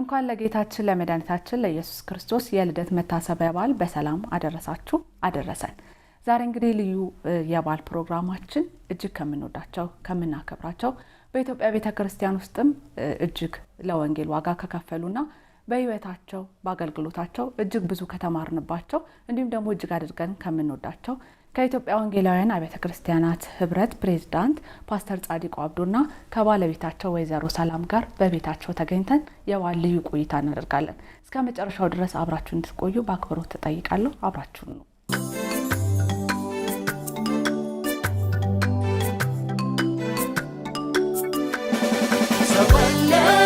እንኳን ለጌታችን ለመድኃኒታችን ለኢየሱስ ክርስቶስ የልደት መታሰቢያ በዓል በሰላም አደረሳችሁ አደረሰን። ዛሬ እንግዲህ ልዩ የበዓል ፕሮግራማችን እጅግ ከምንወዳቸው ከምናከብራቸው በኢትዮጵያ ቤተ ክርስቲያን ውስጥም እጅግ ለወንጌል ዋጋ ከከፈሉና በህይወታቸው በአገልግሎታቸው እጅግ ብዙ ከተማርንባቸው እንዲሁም ደግሞ እጅግ አድርገን ከምንወዳቸው ከኢትዮጵያ ወንጌላውያን አብያተ ክርስቲያናት ህብረት ፕሬዝዳንት ፓስተር ጻዲቁ አብዶና ከባለቤታቸው ወይዘሮ ሰላም ጋር በቤታቸው ተገኝተን የበዓል ልዩ ቆይታ እናደርጋለን። እስከ መጨረሻው ድረስ አብራችሁ እንድትቆዩ በአክብሮት ተጠይቃለሁ። አብራችሁን ነው። So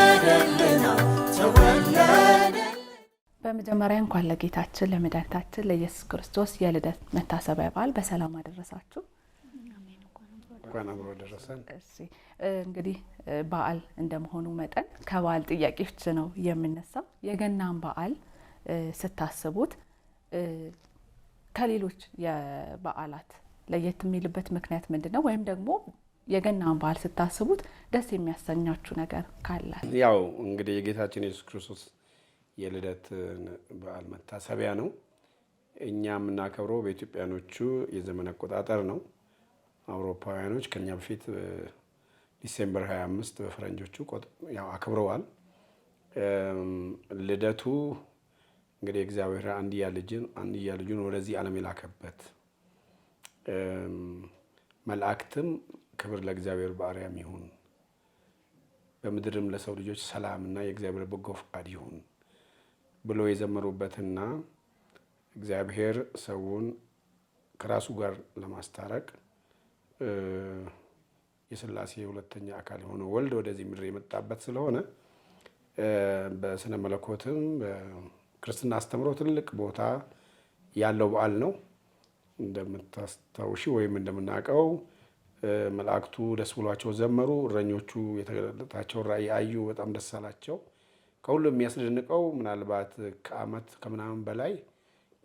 በመጀመሪያ እንኳን ለጌታችን ለመድኃኒታችን ለኢየሱስ ክርስቶስ የልደት መታሰቢያ በዓል በሰላም አደረሳችሁ። እንግዲህ በዓል እንደመሆኑ መጠን ከበዓል ጥያቄዎች ነው የምነሳው። የገናን በዓል ስታስቡት ከሌሎች የበዓላት ለየት የሚልበት ምክንያት ምንድን ነው? ወይም ደግሞ የገናን በዓል ስታስቡት ደስ የሚያሰኛችሁ ነገር ካላል? ያው እንግዲህ የጌታችን የሱስ ክርስቶስ የልደት በዓል መታሰቢያ ነው። እኛ የምናከብረው በኢትዮጵያኖቹ የዘመን አቆጣጠር ነው። አውሮፓውያኖች ከኛ በፊት ዲሴምበር 25 በፈረንጆቹ አክብረዋል። ልደቱ እንግዲህ እግዚአብሔር አንድያ ልጅን አንድያ ልጁን ወደዚህ ዓለም የላከበት መላእክትም ክብር ለእግዚአብሔር በአርያም ይሁን፣ በምድርም ለሰው ልጆች ሰላምና የእግዚአብሔር በጎ ፈቃድ ይሁን ብሎ የዘመሩበትና እግዚአብሔር ሰውን ከራሱ ጋር ለማስታረቅ የስላሴ ሁለተኛ አካል የሆነ ወልድ ወደዚህ ምድር የመጣበት ስለሆነ በስነ መለኮትም በክርስትና አስተምሮ ትልቅ ቦታ ያለው በዓል ነው። እንደምታስታውሺ ወይም እንደምናውቀው መላእክቱ ደስ ብሏቸው ዘመሩ፣ እረኞቹ የተገለጠታቸውን ራእይ አዩ፣ በጣም ደስ አላቸው። ከሁሉም የሚያስደንቀው ምናልባት ከአመት ከምናምን በላይ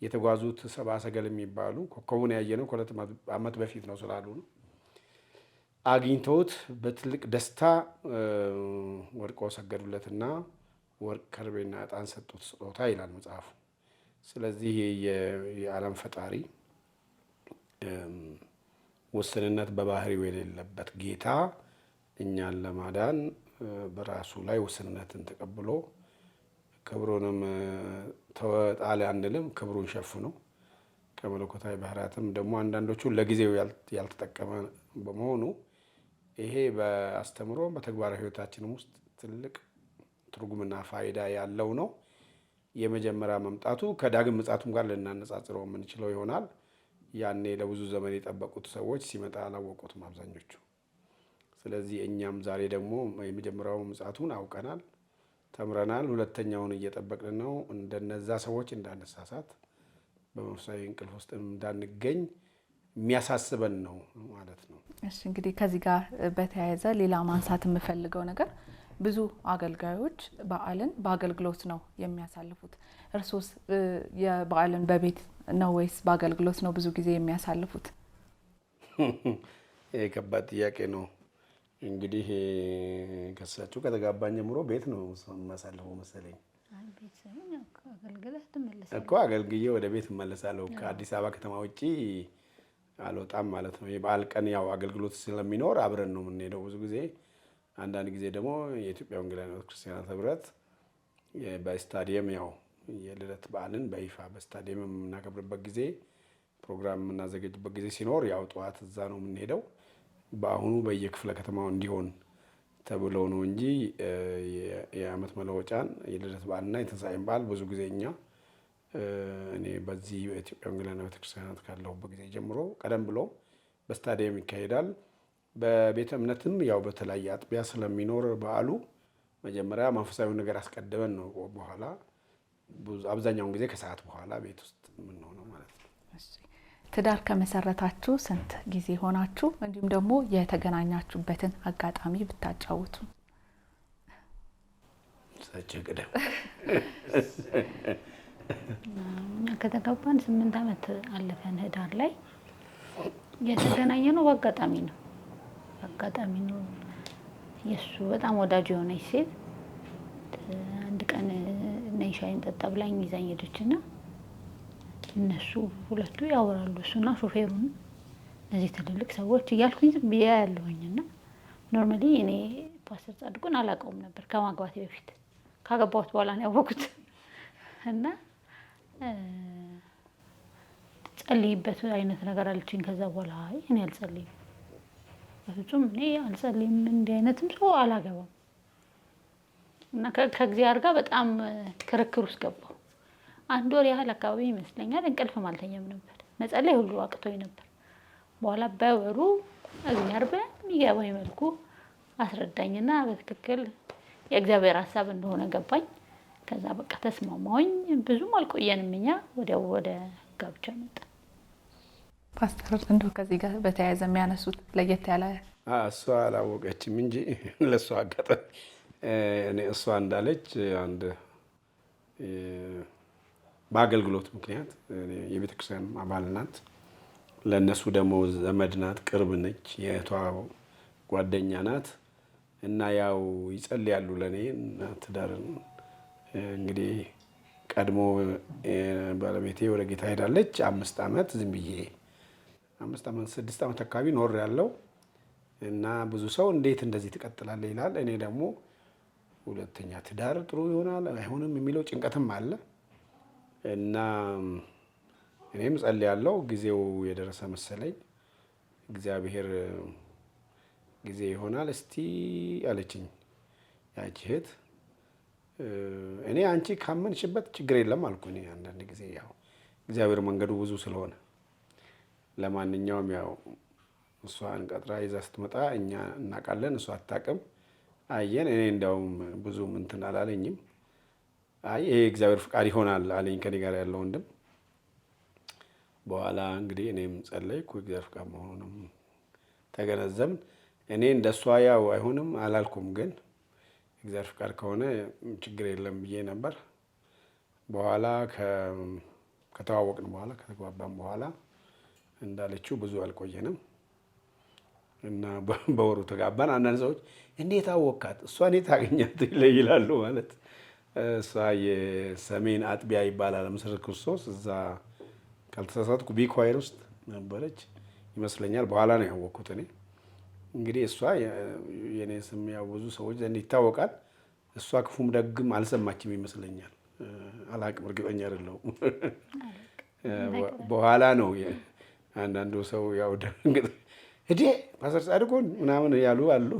የተጓዙት ሰብአ ሰገል የሚባሉ ኮከቡን ያየነው ከሁለት ዓመት በፊት ነው ስላሉ ነው አግኝተውት በትልቅ ደስታ ወድቀው ሰገዱለትና ወርቅ ከርቤና እጣን ሰጡት ስጦታ ይላል መጽሐፉ። ስለዚህ የዓለም ፈጣሪ ውስንነት በባህሪው የሌለበት ጌታ እኛን ለማዳን በራሱ ላይ ውስንነትን ተቀብሎ ክብሩንም ተወጣለ አንልም። ክብሩን ሸፍኖ ከመለኮታዊ ባህርያትም ደግሞ አንዳንዶቹ ለጊዜው ያልተጠቀመ በመሆኑ ይሄ በአስተምሮ በተግባራዊ ህይወታችንም ውስጥ ትልቅ ትርጉምና ፋይዳ ያለው ነው። የመጀመሪያ መምጣቱ ከዳግም ምጻቱም ጋር ልናነጻጽረው የምንችለው ይሆናል። ያኔ ለብዙ ዘመን የጠበቁት ሰዎች ሲመጣ አላወቁትም አብዛኞቹ። ስለዚህ እኛም ዛሬ ደግሞ የመጀመሪያው ምጽአቱን አውቀናል፣ ተምረናል። ሁለተኛውን እየጠበቅን ነው። እንደነዛ ሰዎች እንዳነሳሳት በመንፈሳዊ እንቅልፍ ውስጥ እንዳንገኝ የሚያሳስበን ነው ማለት ነው። እሺ እንግዲህ ከዚህ ጋር በተያያዘ ሌላ ማንሳት የምፈልገው ነገር ብዙ አገልጋዮች በዓልን በአገልግሎት ነው የሚያሳልፉት። እርሶስ የበዓልን በቤት ነው ወይስ በአገልግሎት ነው ብዙ ጊዜ የሚያሳልፉት? ይህ ከባድ ጥያቄ ነው። እንግዲህ ከሳቸው ከተጋባን ጀምሮ ቤት ነው የማሳልፈው መሰለኝ እኮ አገልግዬ ወደ ቤት እመለሳለሁ። ከአዲስ አበባ ከተማ ውጭ አልወጣም ማለት ነው። የበዓል ቀን ያው አገልግሎት ስለሚኖር አብረን ነው የምንሄደው ብዙ ጊዜ። አንዳንድ ጊዜ ደግሞ የኢትዮጵያ ወንጌላውያን ክርስቲያናት ህብረት በስታዲየም ያው የልደት በዓልን በይፋ በስታዲየም የምናከብርበት ጊዜ ፕሮግራም የምናዘጋጅበት ጊዜ ሲኖር ያው ጠዋት እዛ ነው የምንሄደው። በአሁኑ በየክፍለ ከተማው እንዲሆን ተብሎ ነው እንጂ የአመት መለወጫን የልደት በዓልና የትንሣኤን በዓል ብዙ ጊዜ እኛ እኔ በዚህ በኢትዮጵያ ወንጌላውያን ቤተክርስቲያናት ካለሁበት ጊዜ ጀምሮ ቀደም ብሎ በስታዲየም ይካሄዳል። በቤተ እምነትም ያው በተለያየ አጥቢያ ስለሚኖር በዓሉ መጀመሪያ መንፈሳዊ ነገር አስቀድመን ነው በኋላ አብዛኛውን ጊዜ ከሰዓት በኋላ ቤት ውስጥ የምንሆነው ማለት ነው። ትዳር ከመሰረታችሁ ስንት ጊዜ ሆናችሁ? እንዲሁም ደግሞ የተገናኛችሁበትን አጋጣሚ ብታጫውቱ። ከተጋባን ስምንት ዓመት አለፈን። ህዳር ላይ የተገናኘ ነው፣ በአጋጣሚ ነው። በአጋጣሚ ነው። የእሱ በጣም ወዳጅ የሆነች ሴት አንድ ቀን ነይ ሻይ እንጠጣ ብላኝ ይዛኝ ሄደች እና እነሱ ሁለቱ ያወራሉ፣ እሱና ሾፌሩን እነዚህ ትልልቅ ሰዎች እያልኩኝ ዝም ብዬ ያለሁኝ እና ኖርማሊ እኔ ፓስተር ጻድቁን አላውቀውም ነበር ከማግባቴ በፊት ካገባሁት በኋላ ነው ያወቁት እና ጸልይበት አይነት ነገር አለችኝ። ከዛ በኋላ እኔ አልጸልይም፣ በፍጹም እኔ አልጸልይም፣ እንዲህ አይነትም ሰው አላገባም እና ከእግዚአብሔር ጋር በጣም ክርክር ውስጥ ገባሁ። አንድ ወር ያህል አካባቢ ይመስለኛል እንቅልፍም አልተኛም ነበር። መጸለይ ሁሉ አቅቶኝ ነበር። በኋላ በወሩ እግዚአብሔር በሚገባኝ መልኩ አስረዳኝና በትክክል የእግዚአብሔር ሀሳብ እንደሆነ ገባኝ። ከዛ በቃ ተስማማኝ። ብዙም አልቆየንም እኛ ወዲያው ወደ ጋብቻ መጣ። ፓስተር እንደው ከዚህ ጋር በተያያዘ የሚያነሱት ለየት ያለ እሷ አላወቀችም እንጂ ለእሷ አጋጣሚ እሷ እንዳለች አንድ በአገልግሎት ምክንያት የቤተክርስቲያን አባል ናት። ለእነሱ ደግሞ ዘመድ ናት፣ ቅርብ ነች፣ የእህቷ ጓደኛ ናት እና ያው ይጸልያሉ ለእኔ ትዳርን እንግዲህ ቀድሞ ባለቤቴ ወደ ጌታ ሄዳለች። አምስት ዓመት ዝም ብዬ አምስት ዓመት ስድስት ዓመት አካባቢ ኖር ያለው እና ብዙ ሰው እንዴት እንደዚህ ትቀጥላለህ ይላል። እኔ ደግሞ ሁለተኛ ትዳር ጥሩ ይሆናል አይሆንም የሚለው ጭንቀትም አለ። እና እኔም ጸልያለሁ። ጊዜው የደረሰ መሰለኝ። እግዚአብሔር ጊዜ ይሆናል እስቲ አለችኝ ያቺ እህት። እኔ አንቺ ካመንሽበት ችግር የለም አልኩ። እኔ አንዳንድ ጊዜ ያው እግዚአብሔር መንገዱ ብዙ ስለሆነ ለማንኛውም ያው እሷን ቀጥራ ይዛ ስትመጣ እኛ እናውቃለን፣ እሷ አታውቅም። አየን። እኔ እንዲያውም ብዙም እንትን አላለኝም። አይ ይሄ እግዚአብሔር ፍቃድ ይሆናል አለኝ ከኔ ጋር ያለው ወንድም። በኋላ እንግዲህ እኔም ጸለይኩ፣ እግዚአብሔር ፍቃድ መሆኑንም ተገነዘብን። እኔ እንደሷ ያው አይሆንም አላልኩም፣ ግን እግዚአብሔር ፍቃድ ከሆነ ችግር የለም ብዬ ነበር። በኋላ ከተዋወቅን በኋላ ከተግባባን በኋላ እንዳለችው ብዙ አልቆየንም እና በወሩ ተጋባን። አንዳንድ ሰዎች እንዴት አወቃት እሷ እኔ ታገኛት ይለይላሉ ማለት እሷ የሰሜን አጥቢያ ይባላል ምስክር ክርስቶስ እዛ ካልተሳሳትኩ ቢኳይር ውስጥ ነበረች ይመስለኛል። በኋላ ነው ያወቅኩት እኔ እንግዲህ እሷ የኔ ስም ያው ብዙ ሰዎች ዘንድ ይታወቃል። እሷ ክፉም ደግም አልሰማችም ይመስለኛል። አላቅም፣ እርግጠኛ አይደለሁም። በኋላ ነው አንዳንዱ ሰው ያው እዴ ፓስተር ጻድቁን ምናምን ያሉ አሉ።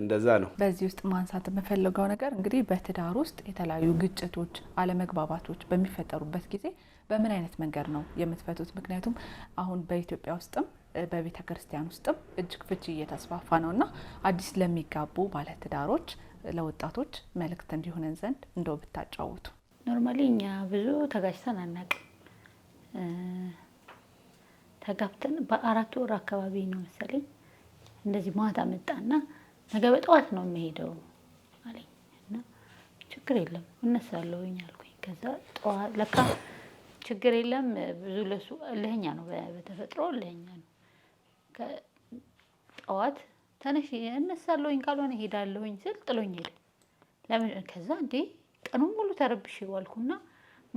እንደዛ ነው። በዚህ ውስጥ ማንሳት የምፈልገው ነገር እንግዲህ በትዳር ውስጥ የተለያዩ ግጭቶች፣ አለመግባባቶች በሚፈጠሩበት ጊዜ በምን አይነት መንገድ ነው የምትፈቱት? ምክንያቱም አሁን በኢትዮጵያ ውስጥም በቤተ ክርስቲያን ውስጥም እጅግ ፍቺ እየተስፋፋ ነው እና አዲስ ለሚጋቡ ባለትዳሮች ለወጣቶች መልእክት እንዲሆነን ዘንድ እንደው ብታጫወቱ። ኖርማሊ እኛ ብዙ ተጋጭተን አናውቅም። ተጋብተን በአራት ወር አካባቢ ነው መሰለኝ እንደዚህ ማታ መጣና ነገ በጠዋት ነው የሚሄደው አለኝ እና ችግር የለም እነሳለሁኝ አልኩኝ። ከዛ ጠዋት ለካ ችግር የለም ብዙ ለሱ እልህኛ ነው በተፈጥሮ እልህኛ ነው። ጠዋት ተነሽ እነሳለሁኝ ካልሆነ ሄዳለሁኝ ስል ጥሎኝ ሄደ። ለምን ከዛ እንዴ ቀኑ ሙሉ ተረብሽ ዋልኩና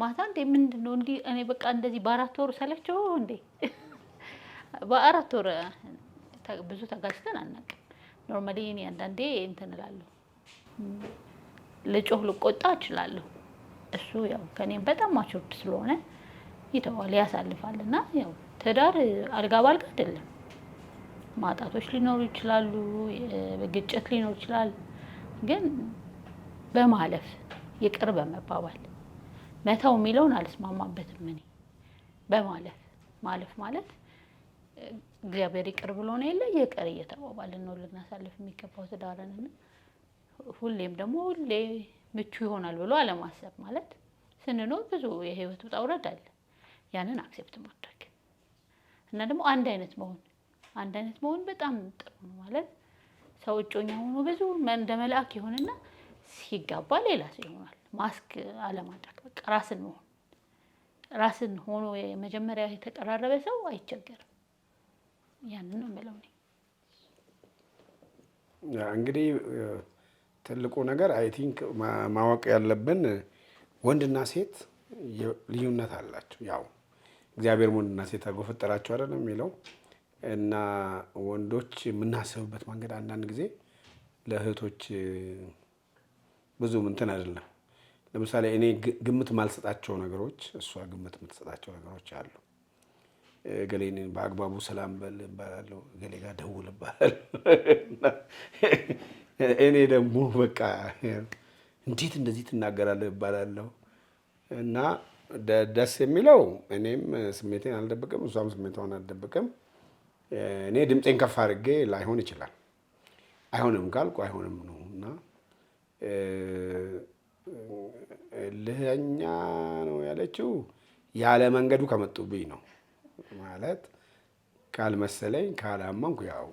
ማታ እንዴ ምንድን ነው እንዲህ እኔ በቃ እንደዚህ በአራት ወር ሰለቸው እንዴ በአራት ወር ብዙ ተጋጭተን አናውቅም። ኖርማሊ እኔ አንዳንዴ እንትን እላለሁ፣ ልጮህ ልቆጣ እችላለሁ። እሱ ያው ከኔም በጣም ማቹርድ ስለሆነ ይተዋል ያሳልፋል። እና ያው ትዳር አልጋ ባልጋ አይደለም። ማጣቶች ሊኖሩ ይችላሉ፣ ግጭት ሊኖር ይችላል። ግን በማለፍ ይቅር በመባባል መተው የሚለውን አልስማማበትም እኔ በማለፍ ማለፍ ማለት እግዚአብሔር ይቅር ብሎን የለ ይቅር እየተባባልን ነው ልናሳልፍ የሚገባው ትዳርን። ሁሌም ደግሞ ሁሌ ምቹ ይሆናል ብሎ አለማሰብ ማለት ስንኖር ብዙ የህይወት ውጣ ውረድ አለ። ያንን አክሴፕት ማድረግ እና ደግሞ አንድ አይነት መሆን አንድ አይነት መሆን በጣም ጥሩ ነው ማለት ሰው እጮኛ ሆኖ ብዙ እንደ መልአክ ይሆንና ሲጋባ ሌላ ሰው ይሆናል። ማስክ አለማድረግ በቃ ራስን መሆን ራስን ሆኖ የመጀመሪያ የተቀራረበ ሰው አይቸገርም። ያንን ነው የምለው። እንግዲህ ትልቁ ነገር አይ ቲንክ ማወቅ ያለብን ወንድና ሴት ልዩነት አላቸው። ያው እግዚአብሔር ወንድና ሴት አድርጎ ፈጠራቸው አይደለም የሚለው እና ወንዶች የምናስብበት መንገድ አንዳንድ ጊዜ ለእህቶች ብዙ እንትን አይደለም። ለምሳሌ እኔ ግምት ማልሰጣቸው ነገሮች እሷ ግምት የምትሰጣቸው ነገሮች አሉ። ገሌን በአግባቡ ሰላም በል እባላለሁ፣ ገሌ ጋር ደውል እባላለሁ። እኔ ደግሞ በቃ እንዴት እንደዚህ ትናገራለህ እባላለሁ። እና ደስ የሚለው እኔም ስሜቴን አልደብቅም፣ እሷም ስሜቷን አልደብቅም። እኔ ድምፄን ከፍ አድርጌ ላይሆን ይችላል አይሆንም ካልኩ አይሆንም ነው እና ልህኛ ነው ያለችው ያለ መንገዱ ከመጡብኝ ነው ማለት ካልመሰለኝ ካላመንኩ ያው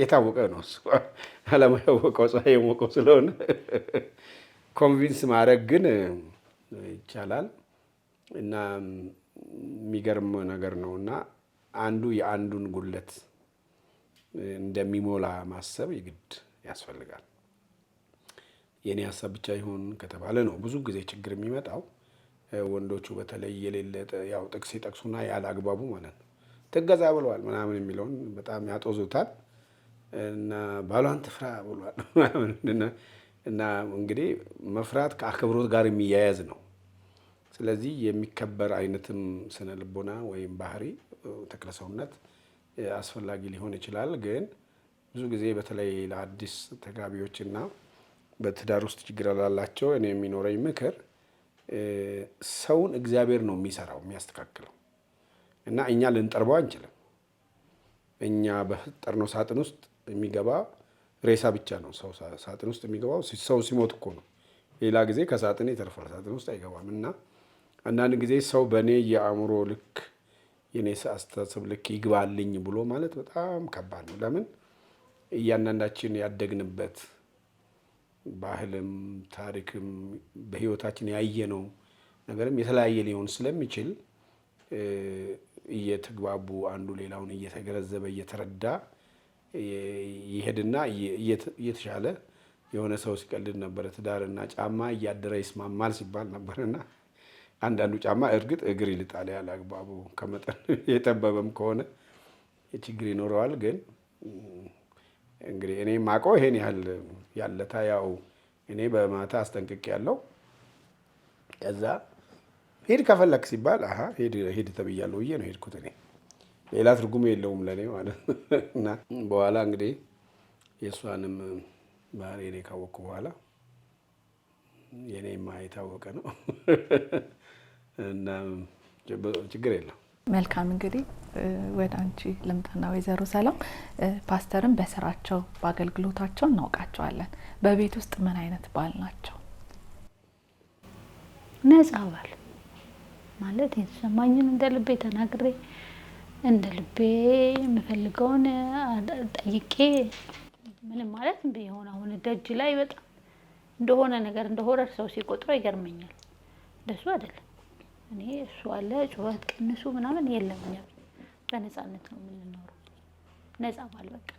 የታወቀ ነው እሱ። አለማያወቀው ፀሐይ የሞቀው ስለሆነ ኮንቪንስ ማድረግ ግን ይቻላል እና የሚገርም ነገር ነው እና አንዱ የአንዱን ጉለት እንደሚሞላ ማሰብ የግድ ያስፈልጋል። የእኔ ሀሳብ ብቻ ይሁን ከተባለ ነው ብዙ ጊዜ ችግር የሚመጣው። ወንዶቹ በተለይ የሌለጠ ያው ጥቅስ ይጠቅሱና ያለ አግባቡ ማለት ነው ትገዛ ብለዋል ምናምን የሚለውን በጣም ያጦዙታል እና ባሏን ትፍራ ብሏል እና እንግዲህ መፍራት ከአክብሮት ጋር የሚያያዝ ነው። ስለዚህ የሚከበር አይነትም ስነ ልቦና ወይም ባህሪ ተክለ ሰውነት አስፈላጊ ሊሆን ይችላል። ግን ብዙ ጊዜ በተለይ ለአዲስ ተጋቢዎችና በትዳር ውስጥ ችግር ላላቸው እኔ የሚኖረኝ ምክር ሰውን እግዚአብሔር ነው የሚሰራው የሚያስተካክለው እና እኛ ልንጠርበው አንችልም። እኛ በፈጠርነው ሳጥን ውስጥ የሚገባ ሬሳ ብቻ ነው። ሰው ሳጥን ውስጥ የሚገባው ሰው ሲሞት እኮ ነው። ሌላ ጊዜ ከሳጥን ይተርፋል፣ ሳጥን ውስጥ አይገባም። እና አንዳንድ ጊዜ ሰው በእኔ የአእምሮ ልክ የኔ አስተሳሰብ ልክ ይግባልኝ ብሎ ማለት በጣም ከባድ ነው። ለምን እያንዳንዳችን ያደግንበት ባህልም ታሪክም በህይወታችን ያየነው ነገርም የተለያየ ሊሆን ስለሚችል እየተግባቡ አንዱ ሌላውን እየተገነዘበ እየተረዳ ይሄድና እየተሻለ የሆነ ሰው ሲቀልድ ነበረ። ትዳርና ጫማ እያደረ ይስማማል ሲባል ነበርና አንዳንዱ ጫማ እርግጥ እግር ይልጣል ያለ አግባቡ ከመጠን የጠበበም ከሆነ ችግር ይኖረዋል ግን እንግዲህ እኔ ማቀው ይሄን ያህል ያለታ ያው እኔ በማታ አስጠንቅቅ ያለው ከዛ ሄድ ከፈለክ ሲባል አ ሄድ ተብያለሁ ብዬ ነው ሄድኩት። እኔ ሌላ ትርጉም የለውም ለእኔ ማለት እና በኋላ እንግዲህ የእሷንም ባህሪ እኔ ካወቅኩ በኋላ የኔማ የታወቀ ነው እና ችግር የለም። መልካም እንግዲህ ወደ አንቺ ልምጣና ወይዘሮ ሰላም ፓስተርን በስራቸው በአገልግሎታቸው እናውቃቸዋለን። በቤት ውስጥ ምን አይነት ባል ናቸው? ነጻ ባል ማለት የተሰማኝን እንደ ልቤ ተናግሬ እንደ ልቤ የምፈልገውን ጠይቄ ምንም ማለት የሆነ አሁን ደጅ ላይ በጣም እንደሆነ ነገር እንደ ሆረር ሰው ሲቆጥሮ ይገርመኛል። እንደሱ አይደለም። እኔ እሱ አለ ጩኸት ቅንሱ ምናምን የለም በነፃነት ነው የምንኖረው። ነፃ ባል በቃ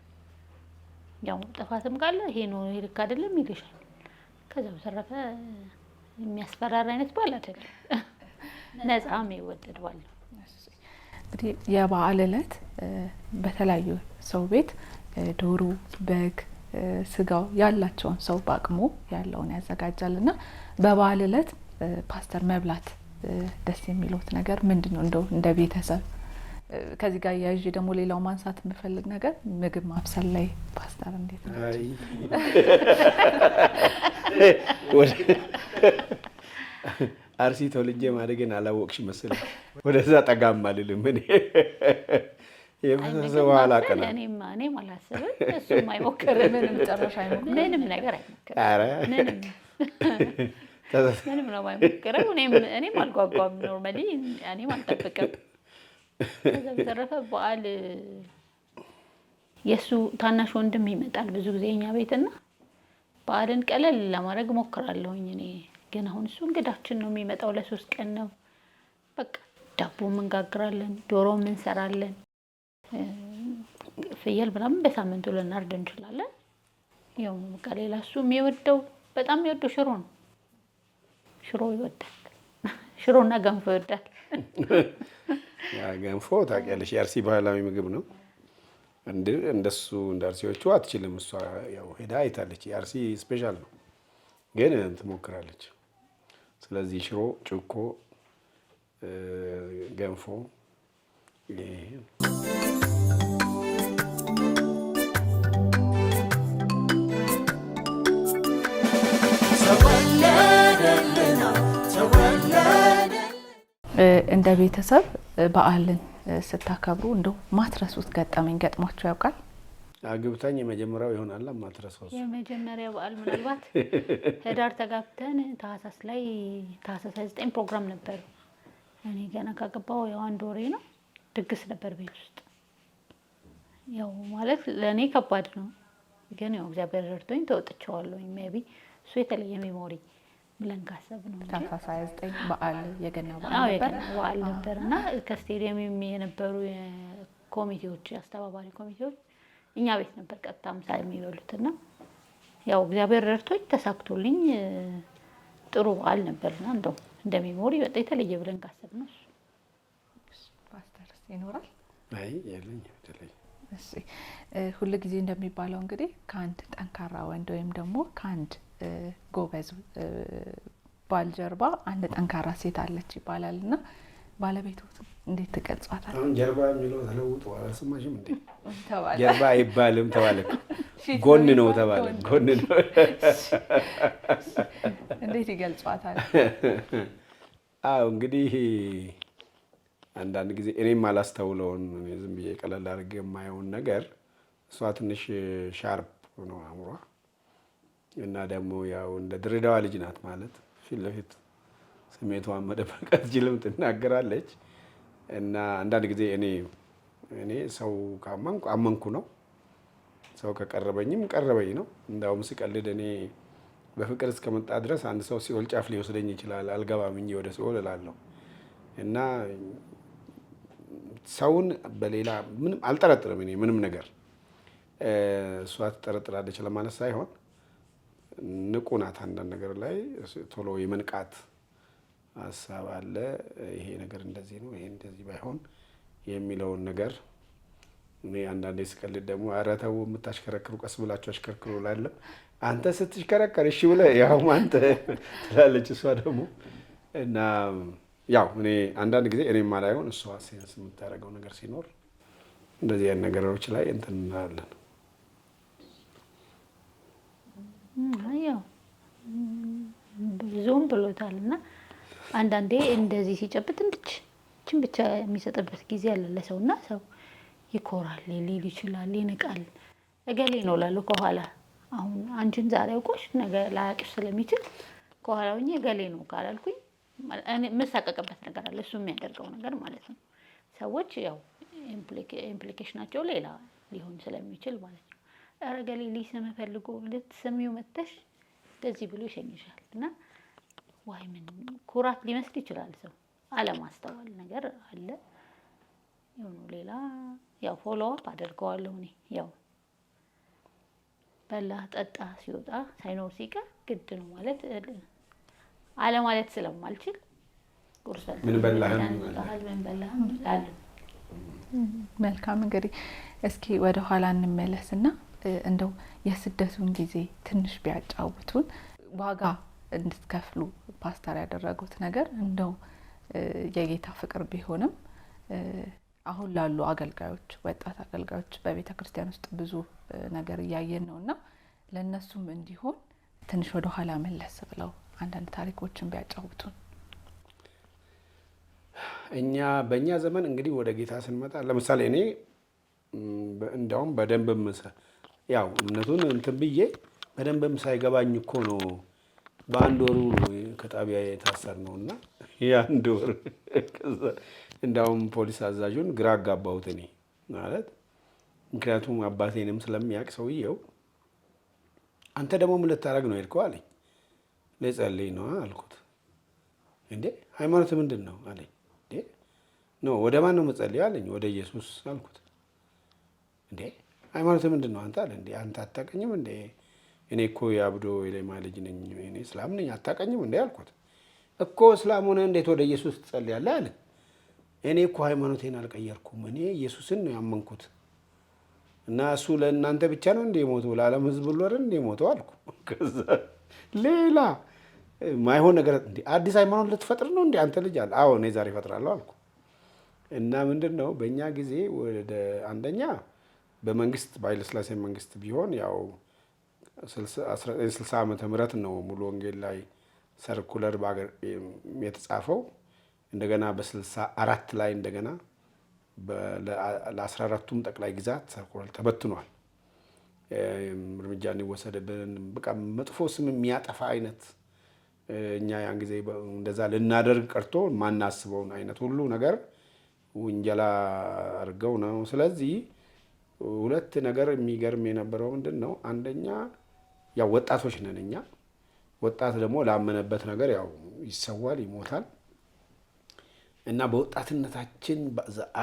ያው ጥፋትም ካለ ይሄ ነው ይሄ ልክ አይደለም ይልሻል። ከዛ በተረፈ የሚያስፈራራ አይነት ባል አይደለም፣ ነጻም ይወደድ ባል ነው። እንግዲህ የበዓል እለት በተለያዩ ሰው ቤት ዶሮ፣ በግ፣ ስጋው ያላቸውን ሰው በአቅሙ ያለውን ያዘጋጃል እና በበዓል እለት ፓስተር መብላት ደስ የሚሉት ነገር ምንድን ነው? እንደው እንደ ቤተሰብ ከዚህ ጋር እያዥ ደግሞ ሌላው ማንሳት የምፈልግ ነገር ምግብ ማብሰል ላይ ፓስተር እንዴት ናቸው? አርሲ ተወልጄ ማደግን አላወቅሽ መስል ወደዛ ጠጋም አልልም እኔ የፈሰሰ በኋላ ቀና እኔም አላስብም። እሱም አይሞክርም፣ ምንም ጨረሻ አይሞክርም፣ ምንም ነገር አይሞክርም። ምንም ነው አይሞክርም። እኔም አልጓጓም፣ ኖርማሊ እኔም አልጠብቅም ከዛ በተረፈ በዓል የእሱ ታናሽ ወንድም ይመጣል ብዙ ጊዜ እኛ ቤትና በዓልን ቀለል ለማድረግ ሞክራለሁኝ እኔ። ግን አሁን እሱ እንግዳችን ነው የሚመጣው፣ ለሶስት ቀን ነው። በቃ ዳቦም እንጋግራለን፣ ዶሮም እንሰራለን፣ ፍየል ምናምን በሳምንቱ ልናርድ እንችላለን። ያው በቃ ሌላ እሱ የሚወደው በጣም የሚወደው ሽሮ ነው። ሽሮ ይወዳል። ሽሮና ገንፎ ይወዳል። ገንፎ ታውቂያለሽ፣ የአርሲ ባህላዊ ምግብ ነው። እንደሱ እንደ አርሲዎቹ አትችልም። እሷ ያው ሄዳ አይታለች። የአርሲ ስፔሻል ነው ግን ትሞክራለች። ስለዚህ ሽሮ፣ ጭኮ፣ ገንፎ እንደ ቤተሰብ በዓልን ስታከብሩ እንደው ማትረሱት ገጠመኝ ገጥሟቸው ያውቃል? አግብታኝ የመጀመሪያው ይሆናል ማትረሰው የመጀመሪያ በዓል ምናልባት ህዳር ተጋብተን ታህሳስ ላይ ታህሳስ ሃያ ዘጠኝ ፕሮግራም ነበር። እኔ ገና ካገባው ያው አንድ ወሬ ነው። ድግስ ነበር ቤት ውስጥ ያው ማለት ለእኔ ከባድ ነው፣ ግን ያው እግዚአብሔር ረድቶኝ ተወጥቸዋለሁ። ሜይ ቢ እሱ የተለየ ሜሞሪ ብለን ካሰብ ነው ታህሳስ 29 በዓል የገና በዓል ነበር እና ከስቴዲየም የነበሩ ኮሚቴዎች አስተባባሪ ኮሚቴዎች እኛ ቤት ነበር ቀጥታ ምሳ የሚበሉት እና ያው እግዚአብሔር ረድቶች ተሳክቶልኝ ጥሩ በዓል ነበርና እንደው እንደሚሞሪ ሜሞሪ በጣም የተለየ ብለን ካሰብ ነው። እሱ ፓስተር ይኖራል? አይ የለኝ የተለየ ሁሉ ጊዜ እንደሚባለው እንግዲህ ከአንድ ጠንካራ ወንድ ወይም ደግሞ ከአንድ ጎበዝ ባልጀርባ አንድ ጠንካራ ሴት አለች ይባላል እና ባለቤቱ እንዴት ትገልጿታል? አሁን ጀርባ የሚለው ተለውጦ እንዴ? ጀርባ አይባልም ተባለ፣ ጎን ነው ተባለ፣ ጎን ነው። እንዴት ይገልጿታል? አዎ እንግዲህ አንዳንድ ጊዜ እኔም አላስተውለውን ዝም ብዬ ቀለል አድርጌ የማየውን ነገር እሷ ትንሽ ሻርፕ ነው አእምሯ እና ደግሞ ያው እንደ ድሬዳዋ ልጅ ናት ማለት ፊት ለፊት ስሜቷን መደበቅ አትችልም፣ ትናገራለች። እና አንዳንድ ጊዜ እኔ እኔ ሰው ካመንኩ አመንኩ ነው። ሰው ከቀረበኝም ቀረበኝ ነው። እንዳውም ሲቀልድ እኔ በፍቅር እስከመጣ ድረስ አንድ ሰው ሲኦል ጫፍ ሊወስደኝ ይችላል፣ አልገባም እንጂ ወደ ሲኦል እላለሁ። እና ሰውን በሌላ ምንም አልጠረጥርም እኔ ምንም ነገር እሷ ትጠረጥራለች ለማለት ሳይሆን ንቁ ናት። አንዳንድ ነገር ላይ ቶሎ የመንቃት ሀሳብ አለ። ይሄ ነገር እንደዚህ ነው፣ ይሄ እንደዚህ ባይሆን የሚለውን ነገር እኔ አንዳንዴ ስቀልድ ደግሞ ኧረ ተው የምታሽከረክሩ ቀስ ብላችሁ አሽከርክሩ እላለሁ። አንተ ስትሽከረከር እሺ ብለህ ያው አንተ ትላለች እሷ ደግሞ እና ያው እኔ አንዳንድ ጊዜ እኔ ማላየውን እሷ ሴንስ የምታደርገው ነገር ሲኖር እንደዚህ አይነት ነገሮች ላይ እንትን እንላለን። ያው ብዙም ብሎታል እና አንዳንዴ እንደዚህ ሲጨብጥ እንድች ችን ብቻ የሚሰጥበት ጊዜ አለ ለሰው እና ሰው ይኮራል፣ ሊል ይችላል፣ ይንቃል። እገሌ ነው እላለሁ ከኋላ አሁን አንቺን ዛሬ አውቆሽ ነገ ላያቅሽ ስለሚችል ከኋላ ሆኜ እገሌ ነው ካላልኩኝ የምሳቀቅበት ነገር አለ። እሱ የሚያደርገው ነገር ማለት ነው። ሰዎች ያው ኢምፕሊኬሽናቸው ሌላ ሊሆን ስለሚችል ማለት ነው። እገሌ ሊስም ፈልጎ ልትስሚው መተሽ እንደዚህ ብሎ ይሸኝሻል እና ዋይ ምን ኩራት ሊመስል ይችላል። ሰው አለማስተዋል ነገር አለ። የሆኑ ሌላ ያው ፎሎ አፕ አደርገዋለሁ እኔ ያው በላ ጠጣ ሲወጣ ሳይኖር ሲቀር ግድ ነው ማለት አለ ማለት ስለማልችል ቁርስ ምን በላህም መልካም እንግዲህ እስኪ ወደ ኋላ እንመለስ እና እንደው የስደቱን ጊዜ ትንሽ ቢያጫውቱን ዋጋ እንድትከፍሉ ፓስተር ያደረጉት ነገር እንደው የጌታ ፍቅር ቢሆንም አሁን ላሉ አገልጋዮች፣ ወጣት አገልጋዮች በቤተ ክርስቲያን ውስጥ ብዙ ነገር እያየን ነው እና ለእነሱም እንዲሆን ትንሽ ወደ ኋላ መለስ ብለው አንዳንድ ታሪኮችን ቢያጫውቱን። እኛ በእኛ ዘመን እንግዲህ ወደ ጌታ ስንመጣ ለምሳሌ እኔ እንዲያውም በደንብ ያው እምነቱን እንትን ብዬ በደንብም ሳይገባኝ እኮ ነው በአንድ ወሩ ከጣቢያ የታሰር ነው እና የአንድ ወር እንዳውም ፖሊስ አዛዡን ግራ አጋባሁት እኔ ማለት ምክንያቱም አባቴንም ስለሚያውቅ ሰውየው አንተ ደግሞ ምን ልታደርግ ነው ሄድከው አለኝ። ልጸልይ ነው አልኩት። እንዴ ሃይማኖት ምንድን ነው አለኝ። ኖ ወደ ማን ነው መጸልዩ አለኝ። ወደ ኢየሱስ አልኩት። እንዴ ሃይማኖት ምንድን ነው? አንተ አለ እንዴ አንተ አታቀኝም እንዴ? እኔ እኮ የአብዶ የሌማ ልጅ ነኝ፣ እኔ እስላም ነኝ፣ አታቀኝም እንዴ አልኩት። እኮ እስላም ሆነ እንዴት ወደ ኢየሱስ ትጸልያለህ አለ። እኔ እኮ ሃይማኖቴን አልቀየርኩም፣ እኔ ኢየሱስን ነው ያመንኩት። እና እሱ ለእናንተ ብቻ ነው እንዴ ሞተው ለዓለም ህዝብ ሁሉ አይደል እንዴ ሞተው አልኩ። ከዛ ሌላ ማይሆን ነገር እንዴ አዲስ ሃይማኖት ልትፈጥር ነው እንዴ አንተ ልጅ አለ። አዎ እኔ ዛሬ እፈጥራለሁ አልኩ። እና ምንድን ነው በእኛ ጊዜ ወደ አንደኛ በመንግስት በኃይለስላሴ መንግስት ቢሆን ያው 60 ዓመተ ምህረት ነው ሙሉ ወንጌል ላይ ሰርኩለር የተጻፈው። እንደገና በስልሳ አራት ላይ እንደገና ለአስራ አራቱም ጠቅላይ ግዛት ሰርኩለር ተበትኗል። እርምጃ እንዲወሰድብን በቃ መጥፎ ስም የሚያጠፋ አይነት እኛ ያን ጊዜ እንደዛ ልናደርግ ቀርቶ ማናስበውን አይነት ሁሉ ነገር ውንጀላ አድርገው ነው ስለዚህ ሁለት ነገር የሚገርም የነበረው ምንድን ነው? አንደኛ ያው ወጣቶች ነን እኛ። ወጣት ደግሞ ላመነበት ነገር ያው ይሰዋል፣ ይሞታል እና በወጣትነታችን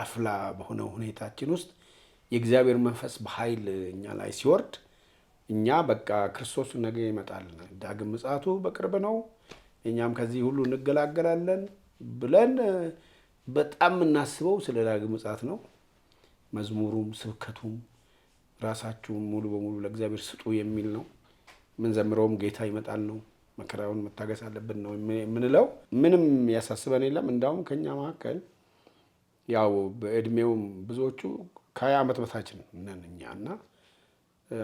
አፍላ በሆነ ሁኔታችን ውስጥ የእግዚአብሔር መንፈስ በኃይል እኛ ላይ ሲወርድ እኛ በቃ ክርስቶስ ነገ ይመጣል፣ ዳግም ምጽአቱ በቅርብ ነው፣ እኛም ከዚህ ሁሉ እንገላገላለን ብለን በጣም የምናስበው ስለ ዳግም ምጽአት ነው። መዝሙሩም ስብከቱም ራሳችሁን ሙሉ በሙሉ ለእግዚአብሔር ስጡ የሚል ነው። ዘምረውም ጌታ ይመጣል ነው። መከራውን መታገስ አለብን ነው የምንለው። ምንም ያሳስበን የለም። እንዳውም ከኛ መካከል ያው በእድሜውም ብዙዎቹ ከሀያ ዓመት በታችን ነን እኛ እና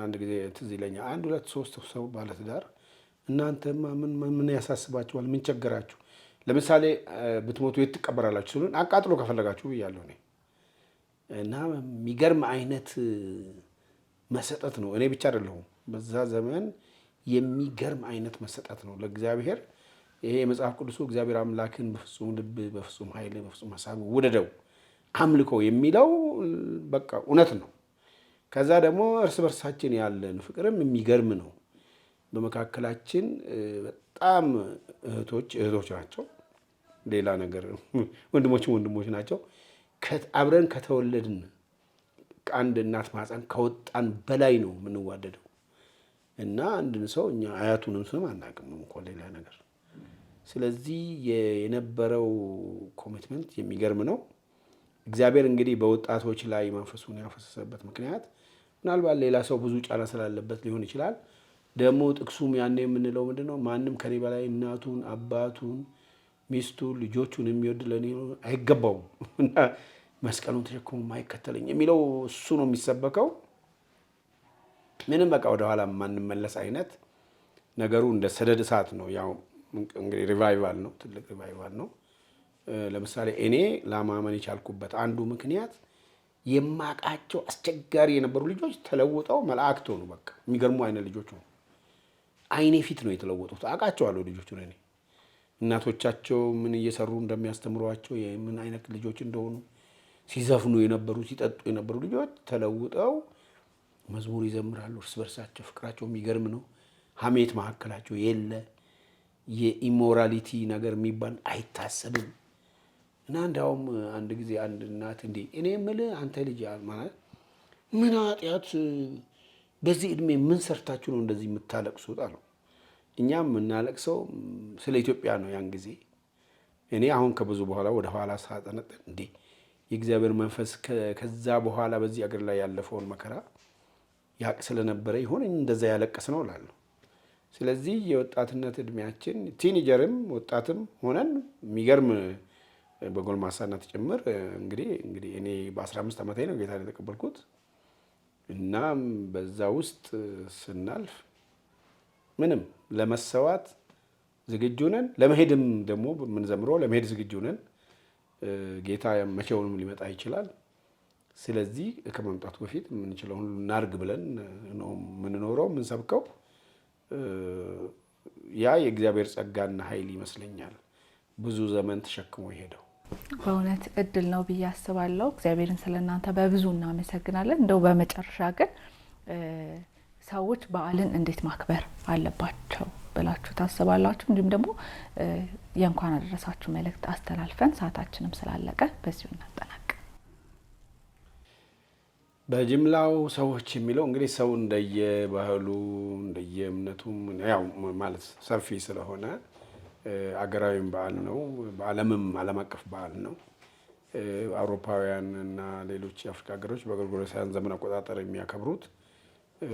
አንድ ጊዜ ትዝ ይለኛል አንድ ሁለት ሶስት ሰው ባለትዳር እናንተማ ምን ምን ያሳስባችኋል? ምን ቸገራችሁ? ለምሳሌ ብትሞቱ የት ትቀበራላችሁ? ስሉን አቃጥሎ ከፈለጋችሁ ብያለሁ እኔ እና የሚገርም አይነት መሰጠት ነው። እኔ ብቻ አይደለሁም። በዛ ዘመን የሚገርም አይነት መሰጠት ነው ለእግዚአብሔር። ይሄ የመጽሐፍ ቅዱሱ እግዚአብሔር አምላክን በፍጹም ልብ፣ በፍጹም ኃይል፣ በፍጹም ሀሳብ ውደደው አምልኮ የሚለው በቃ እውነት ነው። ከዛ ደግሞ እርስ በርሳችን ያለን ፍቅርም የሚገርም ነው። በመካከላችን በጣም እህቶች እህቶች ናቸው። ሌላ ነገር ወንድሞችም ወንድሞች ናቸው። አብረን ከተወለድን ከአንድ እናት ማፀን ከወጣን በላይ ነው የምንዋደደው እና አንድን ሰው እኛ አያቱንም ስም አናውቅም እንኳ ሌላ ነገር። ስለዚህ የነበረው ኮሚትመንት የሚገርም ነው። እግዚአብሔር እንግዲህ በወጣቶች ላይ መንፈሱን ያፈሰሰበት ምክንያት ምናልባት ሌላ ሰው ብዙ ጫና ስላለበት ሊሆን ይችላል። ደግሞ ጥቅሱም ያኔ የምንለው ምንድን ነው? ማንም ከኔ በላይ እናቱን አባቱን ሚስቱ ልጆቹን የሚወድ ለእኔ አይገባውም እና መስቀሉን ተሸክሞ ማይከተለኝ የሚለው እሱ ነው የሚሰበከው። ምንም በቃ ወደኋላ የማንመለስ አይነት ነገሩ እንደ ሰደድ እሳት ነው። ያው እንግዲህ ሪቫይቫል ነው፣ ትልቅ ሪቫይቫል ነው። ለምሳሌ እኔ ለማመን የቻልኩበት አንዱ ምክንያት የማቃቸው አስቸጋሪ የነበሩ ልጆች ተለውጠው መላእክት ሆኑ። በቃ የሚገርሙ አይነት ልጆች ሆኑ። አይኔ ፊት ነው የተለወጡት። አቃቸዋለሁ ልጆቹን እኔ እናቶቻቸው ምን እየሰሩ እንደሚያስተምሯቸው ምን አይነት ልጆች እንደሆኑ ሲዘፍኑ የነበሩ ሲጠጡ የነበሩ ልጆች ተለውጠው መዝሙር ይዘምራሉ። እርስ በርሳቸው ፍቅራቸው የሚገርም ነው። ሀሜት መካከላቸው የለ። የኢሞራሊቲ ነገር የሚባል አይታሰብም። እና እንዲያውም አንድ ጊዜ አንድ እናት እንዴ እኔ ምል አንተ ልጅ ማለት ምን ኃጢአት በዚህ እድሜ ምን ሰርታችሁ ነው እንደዚህ የምታለቅሱት? አለው እኛ የምናለቅሰው ስለ ኢትዮጵያ ነው። ያን ጊዜ እኔ አሁን ከብዙ በኋላ ወደ ኋላ ሳጠነጥን እንዴ የእግዚአብሔር መንፈስ ከዛ በኋላ በዚህ አገር ላይ ያለፈውን መከራ ያቅ ስለነበረ ይሆን እንደዛ ያለቀስ ነው እላለሁ። ስለዚህ የወጣትነት እድሜያችን ቲኒጀርም ወጣትም ሆነን የሚገርም በጎልማሳነት ጭምር እንግዲህ እንግዲህ እኔ በ15 ዓመቴ ነው ጌታ የተቀበልኩት። እና በዛ ውስጥ ስናልፍ ምንም ለመሰዋት ዝግጁ ነን። ለመሄድም ደግሞ የምንዘምረው ለመሄድ ዝግጁ ነን። ጌታ መቼውንም ሊመጣ ይችላል። ስለዚህ ከመምጣቱ በፊት የምንችለው ሁሉ እናርግ ብለን ነው የምንኖረው የምንሰብከው። ያ የእግዚአብሔር ጸጋና ኃይል ይመስለኛል ብዙ ዘመን ተሸክሞ የሄደው በእውነት እድል ነው ብዬ አስባለሁ። እግዚአብሔርን ስለእናንተ በብዙ እናመሰግናለን። እንደው በመጨረሻ ግን ሰዎች በዓልን እንዴት ማክበር አለባቸው ብላችሁ ታስባላችሁ? እንዲሁም ደግሞ የእንኳን አደረሳችሁ መልእክት አስተላልፈን ሰዓታችንም ስላለቀ በዚሁ እናጠናቅ። በጅምላው ሰዎች የሚለው እንግዲህ ሰው እንደየባህሉ እንደየእምነቱ ያው ማለት ሰፊ ስለሆነ አገራዊም በዓል ነው፣ በዓለምም ዓለም አቀፍ በዓል ነው። አውሮፓውያን እና ሌሎች የአፍሪካ ሀገሮች በጎርጎሮሳውያን ዘመን አቆጣጠር የሚያከብሩት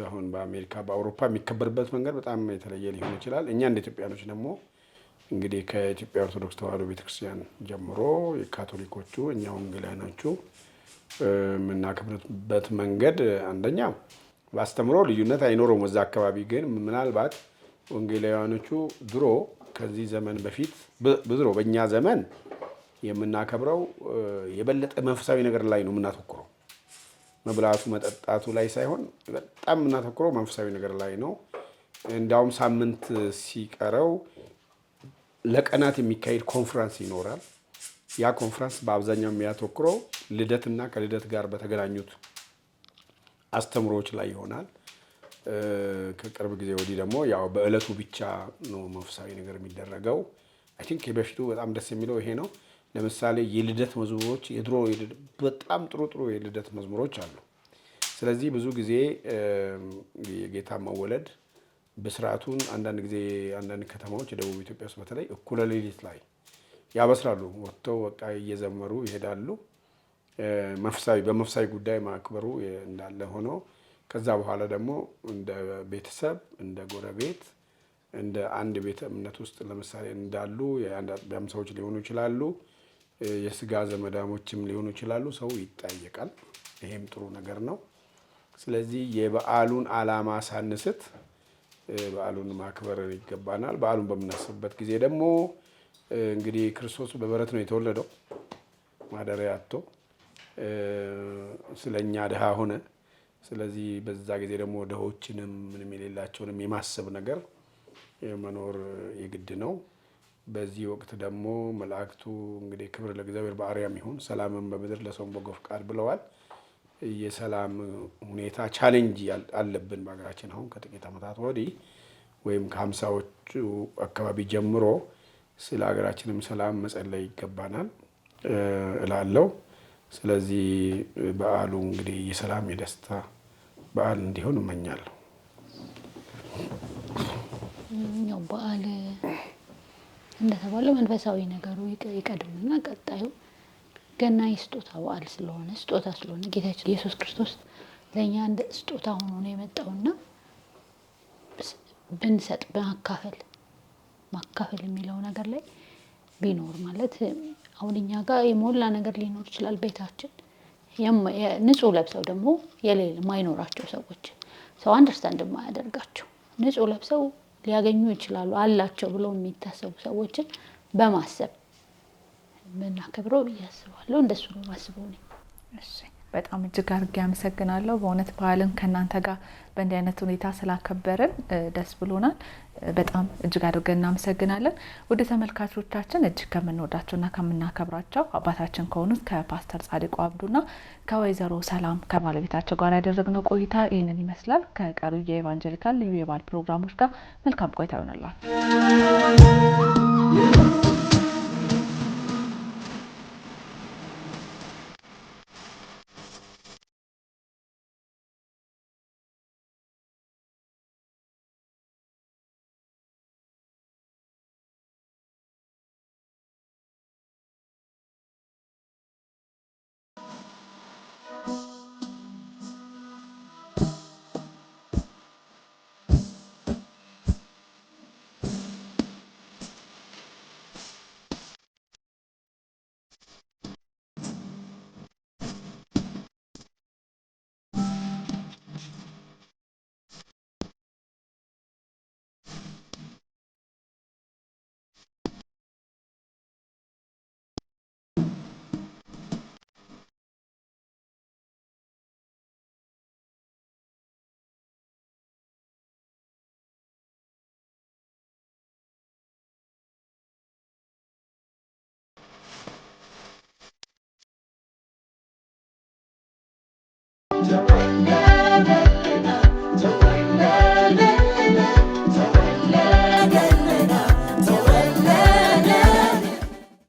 አሁን በአሜሪካ በአውሮፓ የሚከበርበት መንገድ በጣም የተለየ ሊሆን ይችላል። እኛ እንደ ኢትዮጵያኖች ደግሞ እንግዲህ ከኢትዮጵያ ኦርቶዶክስ ተዋሕዶ ቤተክርስቲያን ጀምሮ የካቶሊኮቹ እኛ ወንጌላውያኖቹ የምናከብርበት መንገድ አንደኛ በአስተምሮ ልዩነት አይኖረውም። እዛ አካባቢ ግን ምናልባት ወንጌላውያኖቹ ድሮ ከዚህ ዘመን በፊት ድሮ በእኛ ዘመን የምናከብረው የበለጠ መንፈሳዊ ነገር ላይ ነው የምናተኩረው መብላቱ መጠጣቱ ላይ ሳይሆን በጣም የምናተኩረው መንፈሳዊ ነገር ላይ ነው። እንዲያውም ሳምንት ሲቀረው ለቀናት የሚካሄድ ኮንፍራንስ ይኖራል። ያ ኮንፍራንስ በአብዛኛው የሚያተኩረው ልደትና ከልደት ጋር በተገናኙት አስተምሮዎች ላይ ይሆናል። ከቅርብ ጊዜ ወዲህ ደግሞ ያው በእለቱ ብቻ ነው መንፈሳዊ ነገር የሚደረገው። አይ ቲንክ የበፊቱ በጣም ደስ የሚለው ይሄ ነው። ለምሳሌ የልደት መዝሙሮች የድሮ በጣም ጥሩ ጥሩ የልደት መዝሙሮች አሉ። ስለዚህ ብዙ ጊዜ የጌታ መወለድ ብስራቱን አንዳንድ ጊዜ አንዳንድ ከተማዎች የደቡብ ኢትዮጵያ ውስጥ በተለይ እኩለ ሌሊት ላይ ያበስራሉ። ወጥተው በቃ እየዘመሩ ይሄዳሉ። መፍሳዊ በመፍሳዊ ጉዳይ ማክበሩ እንዳለ ሆኖ ከዛ በኋላ ደግሞ እንደ ቤተሰብ እንደ ጎረቤት እንደ አንድ ቤተ እምነት ውስጥ ለምሳሌ እንዳሉ የአንድ ሰዎች ሊሆኑ ይችላሉ። የስጋ ዘመዳሞችም ሊሆኑ ይችላሉ። ሰው ይጠየቃል። ይሄም ጥሩ ነገር ነው። ስለዚህ የበዓሉን ዓላማ ሳንስት በዓሉን ማክበር ይገባናል። በዓሉን በምናስብበት ጊዜ ደግሞ እንግዲህ ክርስቶስ በበረት ነው የተወለደው ማደሪያ አጥቶ ስለ እኛ ድሃ ሆነ። ስለዚህ በዛ ጊዜ ደግሞ ድሆችንም ምንም የሌላቸውንም የማሰብ ነገር መኖር የግድ ነው። በዚህ ወቅት ደግሞ መላእክቱ እንግዲህ ክብር ለእግዚአብሔር በአርያም ይሁን ሰላምን በምድር ለሰውን በጎ ፍቃድ ብለዋል። የሰላም ሁኔታ ቻሌንጅ አለብን በሀገራችን አሁን ከጥቂት ዓመታት ወዲህ ወይም ከሀምሳዎቹ አካባቢ ጀምሮ ስለ ሀገራችንም ሰላም መጸለይ ይገባናል እላለሁ። ስለዚህ በዓሉ እንግዲህ የሰላም የደስታ በዓል እንዲሆን እመኛለሁ። በዓል እንደተባለው መንፈሳዊ ነገሩ ይቀድምና ቀጣዩ ገና የስጦታ በዓል ስለሆነ ስጦታ ስለሆነ ጌታችን ኢየሱስ ክርስቶስ ለእኛ እንደ ስጦታ ሆኖ ነው የመጣውና ብንሰጥ በማካፈል ማካፈል የሚለው ነገር ላይ ቢኖር ማለት አሁን እኛ ጋር የሞላ ነገር ሊኖር ይችላል ቤታችን። ንጹህ ለብሰው ደግሞ የሌለ ማይኖራቸው ሰዎች ሰው አንደርስታንድ ማያደርጋቸው ንጹህ ለብሰው ሊያገኙ ይችላሉ አላቸው ብሎ የሚታሰቡ ሰዎችን በማሰብ የምናከብረው ብዬ አስባለሁ። እንደሱ ነው ማስበው እኔ። በጣም እጅግ አድርጌ አመሰግናለሁ። በእውነት በዓልን ከእናንተ ጋር በእንዲህ አይነት ሁኔታ ስላከበርን ደስ ብሎናል። በጣም እጅግ አድርገን እናመሰግናለን። ውድ ተመልካቾቻችን እጅግ ከምንወዳቸውና ከምናከብራቸው አባታችን ከሆኑት ከፓስተር ጻድቁ አብዱና ከወይዘሮ ሰላም ከባለቤታቸው ጋር ያደረግነው ቆይታ ይህንን ይመስላል። ከቀሪ የኤቫንጀሊካል ልዩ የበዓል ፕሮግራሞች ጋር መልካም ቆይታ ይሆንላል።